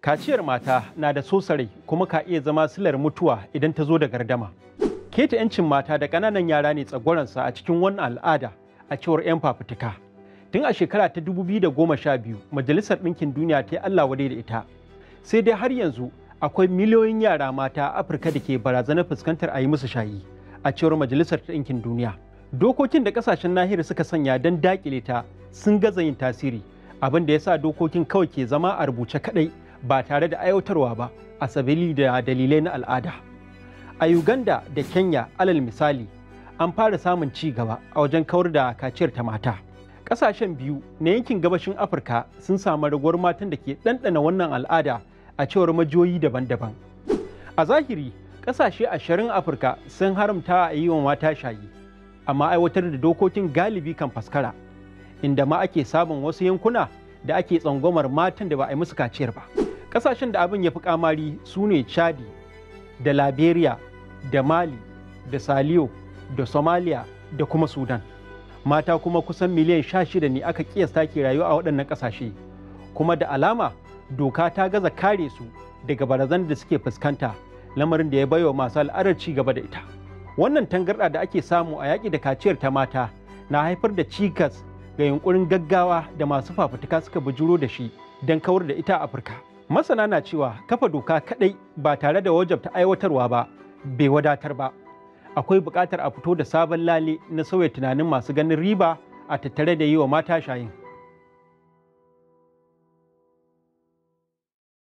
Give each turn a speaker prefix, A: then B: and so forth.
A: Kaciyar mata na da sosare kuma ka iya zama silar mutuwa idan ta zo da gardama. Keta 'yancin mata da ƙananan yara ne tsagoransa a cikin wannan al'ada a cewar 'yan fafutuka. Tun a shekara ta 2012 Majalisar Ɗinkin Duniya ta yi Allah wadai da ita. Sai dai har yanzu akwai miliyoyin yara mata a Afirka da ke barazanar fuskantar a yi musu shayi a cewar Majalisar Ɗinkin Duniya. Dokokin da ƙasashen nahiyar suka sanya don daƙile ta sun gaza yin tasiri abin da ya sa dokokin kawai ke zama a rubuce kaɗai ba tare da aiwatarwa ba a sabili da dalilai na al'ada a uganda da kenya alal misali an fara samun ci gaba a wajen kawar da kaciyar ta mata ƙasashen biyu na yankin gabashin afirka sun samu raguwar matan da ke ɗanɗana wannan al'ada a cewar majoyi daban-daban a zahiri ƙasashe ashirin afirka sun haramta a yi wa mata shayi amma aiwatar da dokokin galibi kan faskara inda ma ake sabon wasu yankuna da ake tsangwamar matan da ba a yi musu kaciyar ba kasashen da abin ya fi kamari su ne chadi da liberia da mali da saliyo da somalia da kuma sudan mata kuma kusan miliyan 16 shida ne aka kiyasta ke rayuwa a waɗannan ƙasashe kuma da alama doka ta gaza kare su daga barazan da suke fuskanta lamarin da ya baiwa masu al'adar ci gaba da ita wannan tangarɗa da ake samu a yaƙi da kaciyar ta mata na haifar da cikas ga yunkurin gaggawa da masu fafutuka suka bujuro da shi don kawar da ita a afirka masana na cewa kafa doka kadai ba tare da wajab ta aiwatarwa ba bai wadatar ba akwai buƙatar a fito da sabon lale na sauya tunanin masu ganin riba a tattare da yi wa mata shayin